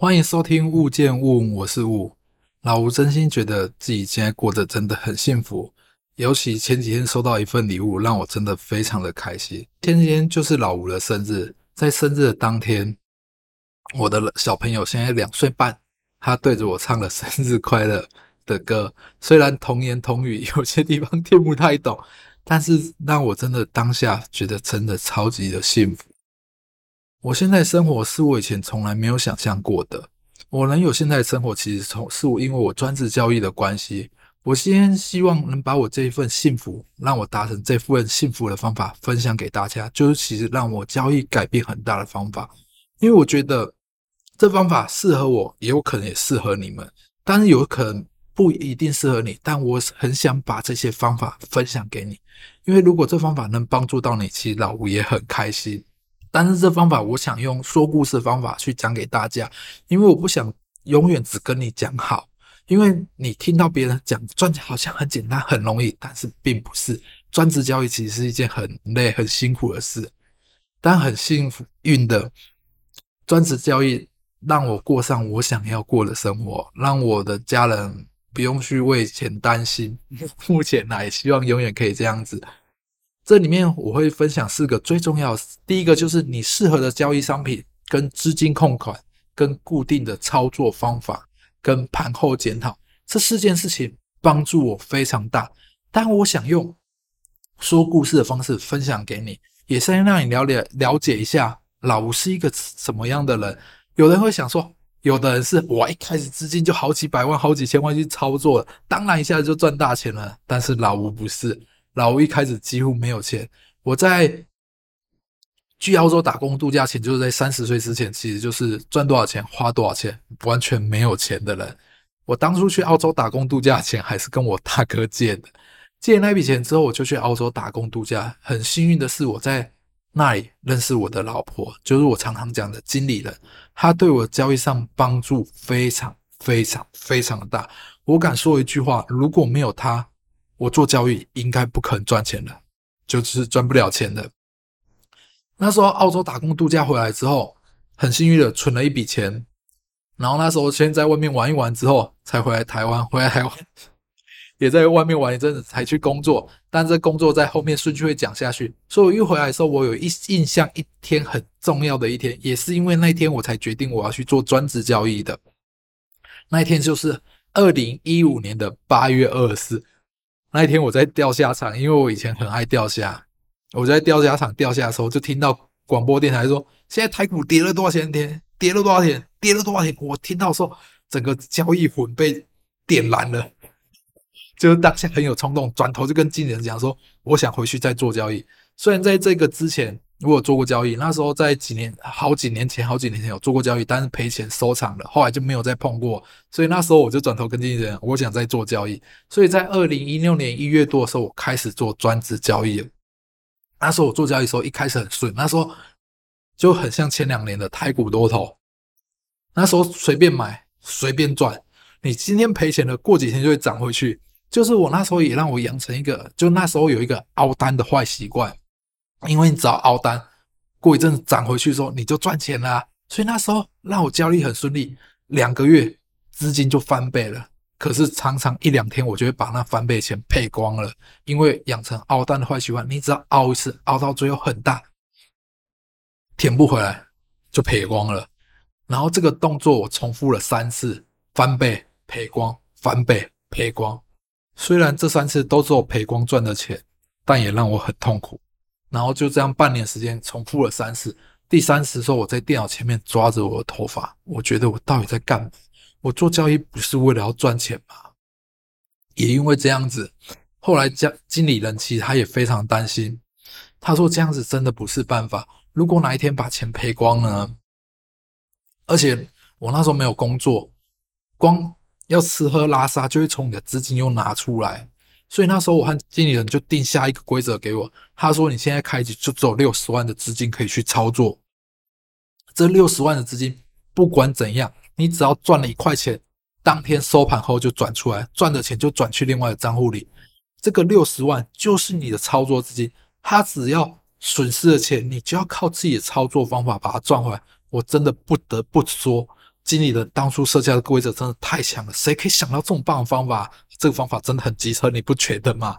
歡迎收聽物見物，我是物老吳。真心覺得自己現在過得真的很幸福，尤其前幾天收到一份禮物，讓我真的非常的開心。前幾天就是老吳的生日，在生日的當天，我的小朋友現在兩歲半，他對着我唱了生日快樂的歌。雖然童言童語，有些地方聽不太懂，但是讓我真的當下覺得真的超級的幸福。我現在的生活是我以前從來沒有想象過的。我能有現在的生活，其實從是我因為我專職交易的關係。我先希望能把我這一份幸福，讓我達成這份幸福的方法分享給大家，就是其實讓我交易改變很大的方法。因為我覺得這方法適合我，也有可能也適合你們，但是有可能不一定適合你。但我很想把這些方法分享給你，因為如果這方法能幫助到你，其實老吳也很開心。但是這方法，我想用說故事的方法去講給大家，因為我不想永遠只跟你講好，因為你聽到別人講賺錢好像很簡單、很容易，但是並不是。專職交易其實是一件很累、很辛苦的事，但很幸運的，專職交易讓我過上我想要過的生活，讓我的家人不用去為錢擔心。目前呢，也希望永遠可以這樣子。這裡面我會分享四個最重要的，第一個就是你適合的交易商品、跟資金控款、跟固定的操作方法、跟盤後檢討，這四件事情幫助我非常大。但我想用說故事的方式分享給你，也是讓你了解了解一下老吳是一個什麼樣的人。有人會想說，有的人是我一開始資金就好幾百萬、好幾千萬去操作了，當然一下子就賺大錢了。但是老吳不是。老吳一開始幾乎沒有錢，我在去澳洲打工度假前，就是在三十歲之前，其實就是賺多少錢花多少錢，完全沒有錢的人。我當初去澳洲打工度假前，還是跟我大哥借的。借那筆錢之後，我就去澳洲打工度假。很幸運的是，我在那裡認識我的老婆，就是我常常講的經理人，她對我交易上幫助非常非常非常的大。我敢說一句話，如果沒有她。我做交易應該不可能賺錢的，就是賺不了錢的。那時候澳洲打工度假回來之後，很幸運的存了一筆錢，然後那時候先在外面玩一玩之後，才回來台灣。回來台灣也在外面玩一陣子，才去工作。但這工作在後面順序會講下去。所以我一回來的時候，我有一印象，一天很重要的一天，也是因為那天我才決定我要去做專職交易的。那一天就是二零一五年的八月二十四。那一天我在釣蝦場，因為我以前很愛釣蝦。我在釣蝦場釣蝦的時候，就聽到廣播電台說現在台股跌了多少錢一天，跌了多少錢，跌了多少錢，我聽到說整個交易魂被點燃了，就是當下很有衝動，轉頭就跟經理人講說我想回去再做交易。雖然在這個之前。我有做過交易，那時候在幾年，好幾年前，好幾年前有做過交易，但是賠錢收場了，後來就沒有再碰過。所以那時候我就轉頭跟經紀人，我想再做交易。所以在二零一六年一月多的時候，我開始做專職交易了。那時候我做交易的時候，一開始很順，那時候就很像前兩年的台股多頭，那時候隨便買隨便賺，你今天賠錢了，過幾天就會漲回去。就是我那時候也讓我養成一個，就那時候有一個凹單的壞習慣。因為你只要凹單，過一陣子漲回去的時候你就賺錢了啊，所以那時候讓我交易很順利，兩個月資金就翻倍了。可是常常一兩天我就會把那翻倍的錢賠光了，因為養成凹單的壞習慣，你只要凹一次，凹到最後很大，填不回來就賠光了。然後這個動作我重複了三次，翻倍賠光，翻倍賠光。雖然這三次都是我賠光賺的錢，但也讓我很痛苦。然後就這樣，半年時間重複了三次。第三次的時候，我在電腦前面抓着我的頭髮，我覺得我到底在幹嘛？我做交易不是為了要賺錢嗎？也因為這樣子，後來家經理人其實他也非常擔心。他說，這樣子真的不是辦法。如果哪一天把錢賠光了，而且我那時候沒有工作，光要吃喝拉撒就會從你的資金又拿出來。所以那時候，我和經理人就定下一個規則給我。他說：“你現在開局就只有六十萬的資金可以去操作。這六十萬的資金，不管怎樣，你只要賺了一塊錢，當天收盤後就轉出來，賺的錢就轉去另外的賬戶裡。這個六十萬就是你的操作資金。他只要損失的錢，你就要靠自己的操作方法把它賺回來。”我真的不得不說，經理人當初設下的規則真的太強了，誰可以想到這種棒方法、啊？這個方法真的很機車，你不覺得嗎？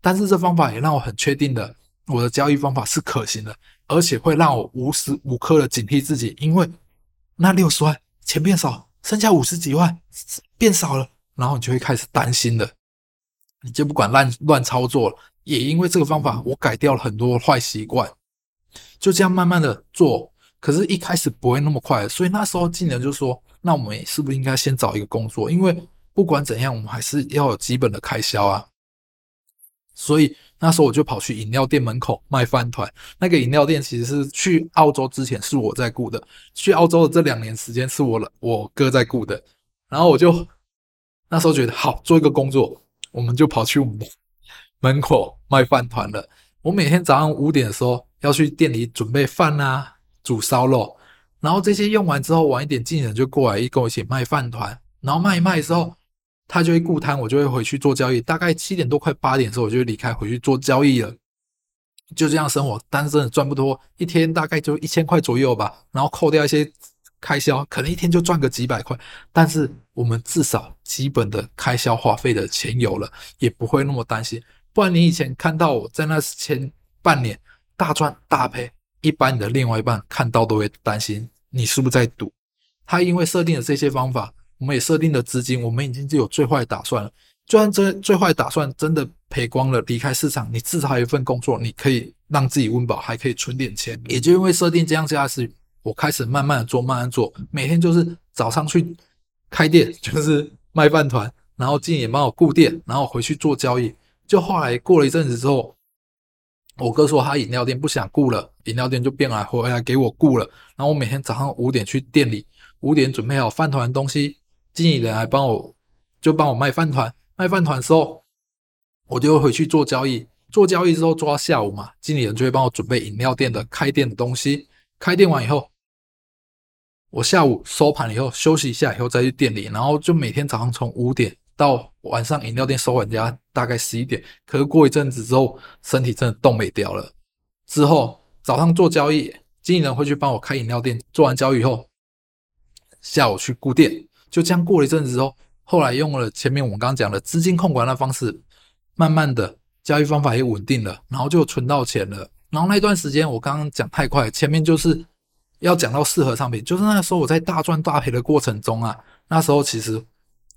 但是這方法也讓我很確定的，我的交易方法是可行的，而且會讓我無時無刻的警惕自己，因為那六十萬錢變少，剩下五十幾萬變少了，然後你就會開始擔心了，你就不管亂亂操作了。也因為這個方法，我改掉了很多壞習慣，就這樣慢慢的做，可是，一開始不會那麼快，所以那時候技能就說，那我們是不是應該先找一個工作，因為。不管怎樣，我們還是要有基本的開銷啊。所以那時候我就跑去飲料店門口賣飯糰。那個飲料店其實是去澳洲之前是我在雇的，去澳洲的這兩年時間是我我哥在雇的。然後我就那時候覺得好做一個工作，我們就跑去我們的門口賣飯糰了。我每天早上五點的時候要去店裡準備飯啊，煮燒肉，然後這些用完之後晚一點經紀人就過來跟我一起賣飯糰，然後賣一賣的時候。他就會顧攤，我就會回去做交易。大概七點多快八點的時候，我就離開回去做交易了。就這樣生活，單身賺不多，一天大概就一千塊左右吧。然後扣掉一些開銷，可能一天就賺個幾百塊。但是我們至少基本的開銷花費的錢有了，也不會那麼擔心。不然你以前看到我在那前半年大賺大賠，一般你的另外一半看到都會擔心你是不是在賭。他因為設定了這些方法。我們也設定了資金，我們已經就有最壞打算了。就算這最，最壞打算真的賠光了，離開市場，你至少還有一份工作，你可以讓自己溫飽，還可以存點錢。也就因為設定這樣下去，我開始慢慢的做，慢慢做，每天就是早上去開店，就是賣飯糰，然後進也幫我顧店，然後回去做交易。就後來過了一陣子之後，我哥說他飲料店不想顧了，飲料店就變了，回來給我顧了。然後我每天早上五點去店裡，五點準備好飯糰的東西。經理人來幫我，就幫我賣飯糰。賣飯糰的時候，我就會回去做交易。做交易之後做到下午嘛，經理人就會幫我準備飲料店的開店的東西。開店完以後，我下午收盤以後休息一下，以後再去店裡。然後就每天早上從五點到晚上飲料店收完家，大概十一點。可是過一陣子之後，身體真的凍未條了。之後早上做交易，經理人會去幫我開飲料店。做完交易以後，下午去顧店。就這樣過了一陣子之後，後來用了前面我們剛剛講的資金控管的方式，慢慢的交易方法也穩定了，然後就存到錢了。然後那段時間我剛剛講太快，前面就是要講到適合商品，就是那時候我在大賺大賠的過程中啊，那時候其實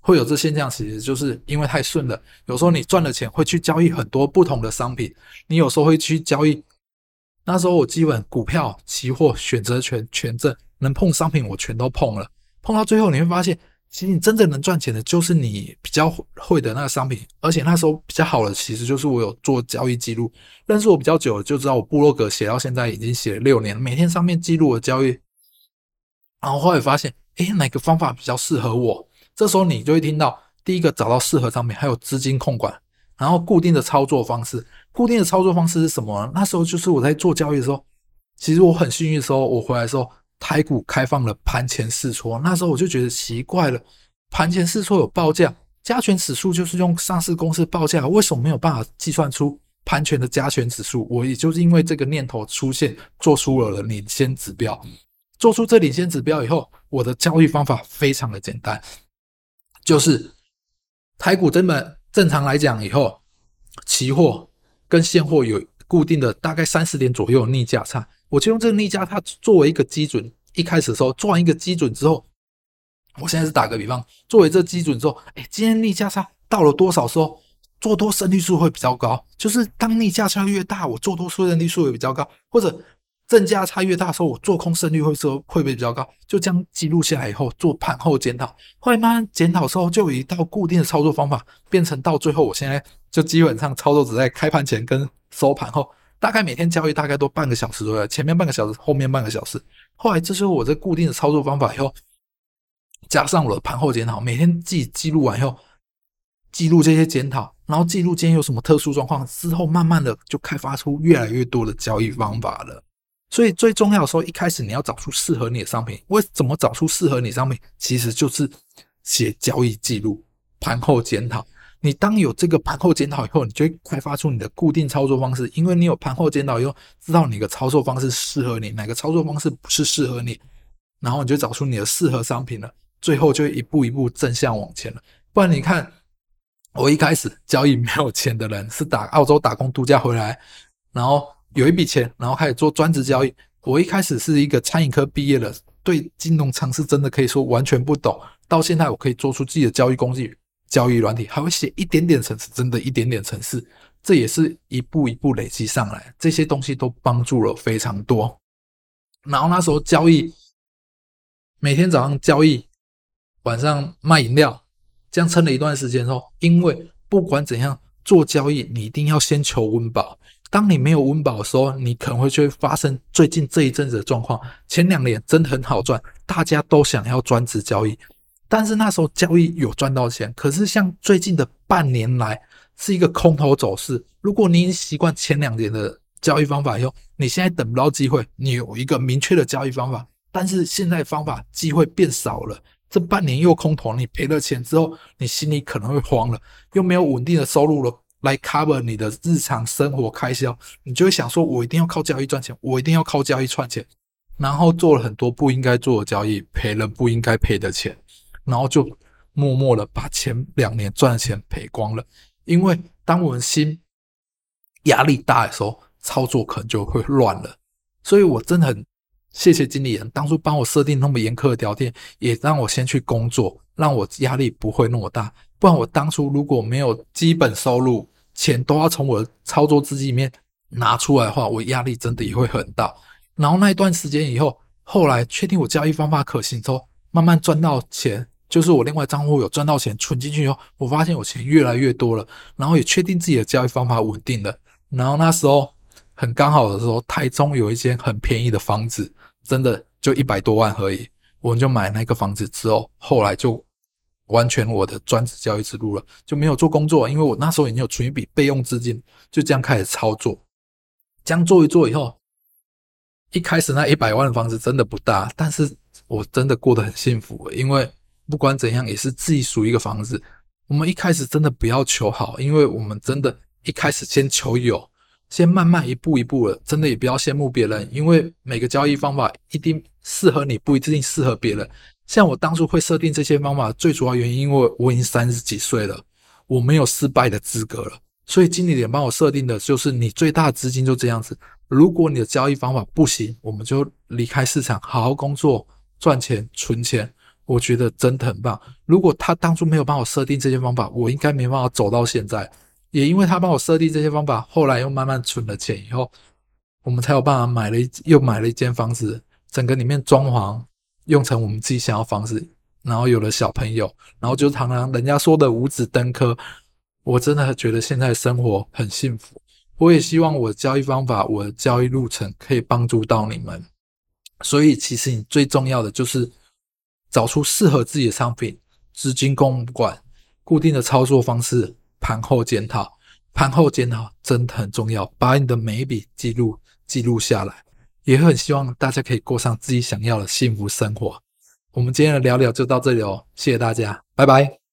會有這現象，其實就是因為太順了。有時候你賺了錢會去交易很多不同的商品，你有時候會去交易。那時候我基本股票、期貨、選擇權、權證，能碰商品我全都碰了。碰到最後，你會發現，其實你真正能賺錢的，就是你比較會的那個商品。而且那時候比較好的，其實就是我有做交易記錄。認識我比較久了，就知道我部落格寫到現在已經寫了六年，每天上面記錄我的交易。然後後來發現，哎，哪個方法比較適合我？這時候你就會聽到，第一個找到適合商品，還有資金控管，然後固定的操作方式。固定的操作方式是什麼呢？那時候就是我在做交易的時候，其實我很幸運的時候，我回來的時候。台股開放了盤前試撮，那時候我就覺得奇怪了，盤前試撮有報價，加權指數就是用上市公司報價，為什麼沒有辦法計算出盤前的加權指數？我也就是因為這個念頭出現，做出了領先指標。做出這領先指標以後，我的交易方法非常的簡單，就是台股真的正常來講以後，期貨跟現貨有固定的大概三十點左右的逆價差。我就用這個逆價差，它作為一個基準。一開始的時候，做完一個基準之後，我現在是打個比方，作為這基準之後，哎，今天逆價差到了多少時候，做多勝率數會比較高。就是當逆價差越大，我做多的勝率，率數也比較高；或者正價差越大的時候，我做空勝率會說會不會比較高？就這樣記錄下來以後，做盤後檢討，慢慢檢討之後，就有一套固定的操作方法，變成到最後，我現在就基本上操作只在開盤前跟收盤後。大概每天交易大概都半個小時左右，前面半個小時，後面半個小時。後來這是我這固定的操作方法，以後加上我的盤後檢討，每天自己記錄完以後，記錄這些檢討，然後記錄今天有什麼特殊狀況，之後慢慢的就開發出越來越多的交易方法了。所以最重要的時候，一開始你要找出適合你的商品。為什麼找出適合你的商品？其實就是寫交易記錄、盤後檢討。你當有這個盤後檢討以後，你就會開發出你的固定操作方式，因為你有盤後檢討以後，知道哪個操作方式適合你，哪個操作方式不是適合你，然後你就找出你的適合商品了，最後就會一步一步正向往前了。不然你看，我一開始交易沒有錢的人，是打澳洲打工度假回來，然後有一筆錢，然後開始做專職交易。我一開始是一個餐飲科畢業的，對金融常識真的可以說完全不懂，到現在我可以做出自己的交易工具。交易軟體還會寫一點點程式，真的一點點程式，這也是一步一步累積上來。這些東西都幫助了非常多。然後那時候交易，每天早上交易，晚上賣飲料，這樣撐了一段時間之後，因為不管怎樣做交易，你一定要先求溫飽。當你沒有溫飽的時候，你可能會發生最近這一陣子的狀況。前兩年真的很好賺，大家都想要專職交易。但是那時候交易有賺到錢，可是像最近的半年來是一個空頭走勢。如果你習慣前兩年的交易方法以後，你現在等不到機會，你有一個明確的交易方法，但是現在方法機會變少了。這半年又空頭，你賠了錢之後，你心裡可能會慌了，又沒有穩定的收入了來 cover 你的日常生活開銷，你就會想說：我一定要靠交易賺錢，我一定要靠交易賺錢，然後做了很多不應該做的交易，賠了不應該賠的錢。然後就默默的把前兩年賺的錢賠光了，因為當我們心壓力大的時候，操作可能就會亂了。所以，我真的很謝謝經理人當初幫我設定那麼嚴苛的條件，也讓我先去工作，讓我壓力不會那麼大。不然，我當初如果沒有基本收入，錢都要從我的操作資金裡面拿出來的話，我壓力真的也會很大。然後那一段時間以後，後來確定我交易方法可行之後，慢慢賺到錢。就是我另外賬戶有賺到錢存進去以後，我發現我錢越來越多了，然後也確定自己的交易方法穩定了。然後那時候很剛好的時候，台中有一間很便宜的房子，真的就一百多萬而已。我們就買那個房子之後，後來就完全我的專職交易之路了，就沒有做工作，因為我那時候已經有存一筆備用資金，就這樣開始操作。這樣做一做以後，一開始那一百萬的房子真的不大，但是我真的過得很幸福，因為。不管怎樣，也是自己屬於一個房子。我們一開始真的不要求好，因為我們真的一開始先求有，先慢慢一步一步的，真的也不要羨慕別人，因為每個交易方法一定適合你，不一定適合別人。像我當初會設定這些方法，最主要原因，因為我已經三十幾歲了，我沒有失敗的資格了。所以經理也幫我設定的就是，你最大的資金就這樣子。如果你的交易方法不行，我們就離開市場，好好工作，賺錢存錢。我覺得真的很棒。如果他當初沒有幫我設定這些方法，我應該沒辦法走到現在。也因為他幫我設定這些方法，後來又慢慢存了錢以後，我們才有辦法買了一又買了一間房子，整個裡面裝潢用成我們自己想要的房子，然後有了小朋友，然後就常常人家說的五子登科，我真的覺得現在生活很幸福。我也希望我的交易方法、我的交易路程可以幫助到你們。所以，其實你最重要的就是。找出適合自己的商品、資金控管、固定的操作方式、盤後檢討，盤後檢討真的很重要，把你的每一筆記錄記錄下來，也很希望大家可以過上自己想要的幸福生活。我們今天的聊聊就到這裡哦，謝謝大家，拜拜。